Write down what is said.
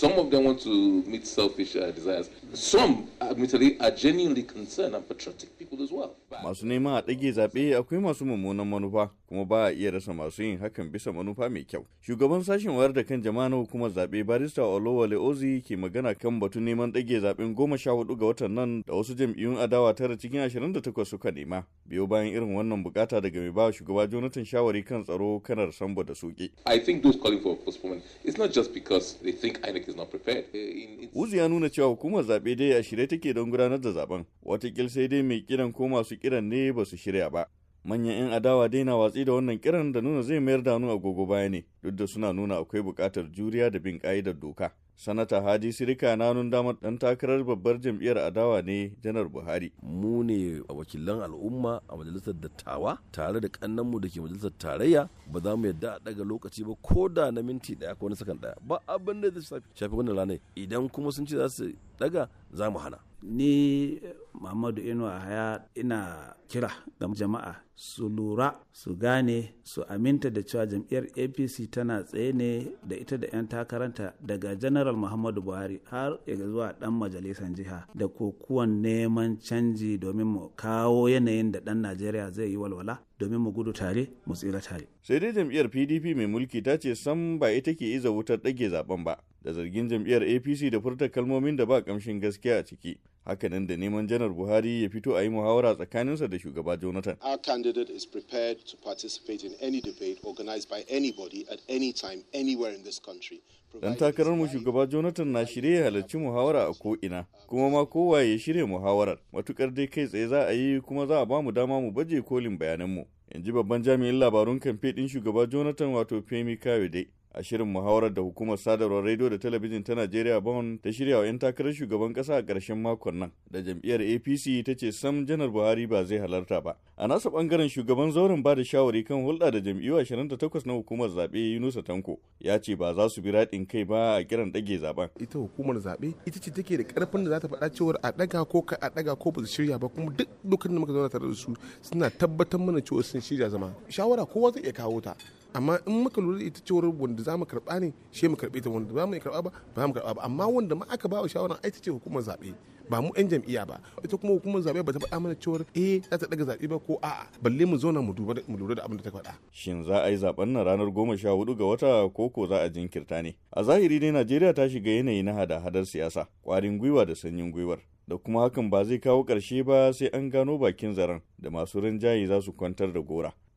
Some of them want to meet selfish uh, desires. Some, uh, admittedly, are genuinely concerned and patriotic people as well. Masu nema a ɗage zaɓe akwai masu mummunan manufa kuma ba a iya rasa masu yin hakan bisa manufa mai kyau. Shugaban sashen wayar da kan jama'a na hukumar zaɓe barista Olowale Ozi ke magana kan batun neman ɗage zaɓen goma sha hudu ga watan nan da wasu jam'iyyun adawa tara cikin ashirin da takwas suka nema. Biyo bayan irin wannan bukata daga mai ba shugaba Jonathan shawari kan tsaro kanar Sambo da Suke. I think those calling for postponement it's not just because they think INEC Eh, ya nuna cewa hukumar zaɓe dai a shirye take don gudanar da zaben. Watakil sai dai mai kiran ko masu kiran ne ba su shirya ba. Manyan 'yan adawa dai na watsi da wannan kiran da nuna zai mayar da hannu agogo baya ne, duk da suna nuna akwai buƙatar juriya da bin ƙa'idar doka. sanata hadi sirika na nun damar dan takarar babbar jam'iyyar adawa ne janar buhari mu ne a wakilan al'umma a majalisar dattawa tare da kannanmu da ke majalisar tarayya ba za mu yadda a daga lokaci ba ko da na minti daya ko na sakan daya ba abin da zai shafi wannan ranar idan kuma sun ce za su daga za mu hana ni muhammadu inuwa haya ina kira ga jama'a su lura su gane su aminta da cewa jam'iyyar apc tana tsaye ne da ita da 'yan takaranta daga general muhammadu buhari har zuwa dan majalisar jiha da kokuwan neman canji domin mu kawo yanayin da dan najeriya zai yi walwala domin mu gudu tare mu tsira tare sai dai jam'iyyar pdp mai mulki ta ce sam ba ita ke iza wutar ɗage zaben ba da zargin jam'iyyar apc da furta kalmomin da ba kamshin gaskiya a ciki hakanan da neman janar buhari ya fito a yi muhawara tsakaninsa da shugaba jonathan our candidate is prepared to participate in any debate organized by anybody at any time anywhere in this country dan takarar mu shugaba jonathan na shirye ya halarci muhawara a ko ina kuma ma kowa ya shirya muhawarar matukar dai kai tsaye za a yi kuma za a ba mu dama mu baje kolin bayananmu in ji babban jami'in labarun kamfe ɗin shugaba jonathan wato femi kawai dai. a shirin muhawarar da hukumar sadarwar rediyo da talabijin ta najeriya bawon ta shirya wa 'yan takarar shugaban kasa a ƙarshen makon nan da jam'iyyar apc ta ce sam janar buhari ba zai halarta ba a nasa bangaren shugaban zauren ba da shawari kan hulɗa da jam'iyyu 28 na hukumar zaɓe yunusa tanko ya ce ba za su bi raɗin kai ba a kiran ɗage zaben ita hukumar zaɓe ita ce take da ƙarfin da za ta faɗa cewar a ɗaga ko ka a ɗaga ko ba su shirya ba kuma duk dukkan da muka zauna tare da su suna tabbatar mana cewa sun shirya zama shawara kowa zai iya kawo ta amma in muka lura da ita cewar wanda za mu karɓa ne shi mu karɓe ta wanda ba mu karɓa ba ba mu karɓa ba amma wanda ma aka ba wa shawara ai ta ce hukumar zaɓe ba mu 'yan jam'iyya ba ita kuma hukumar zaɓe ba ta faɗa mana cewar eh za ta daga zaɓe ba ko a'a balle mu zauna mu duba mu lura da abin da ta faɗa. shin za a yi zaɓen nan ranar goma sha hudu ga wata ko ko za a jinkirta ne a zahiri dai najeriya ta shiga yanayi na hada-hadar siyasa ƙwarin gwiwa da sanyin gwiwar da kuma hakan ba zai kawo ƙarshe ba sai an gano bakin zaren da masu rinjaye za su kwantar da gora.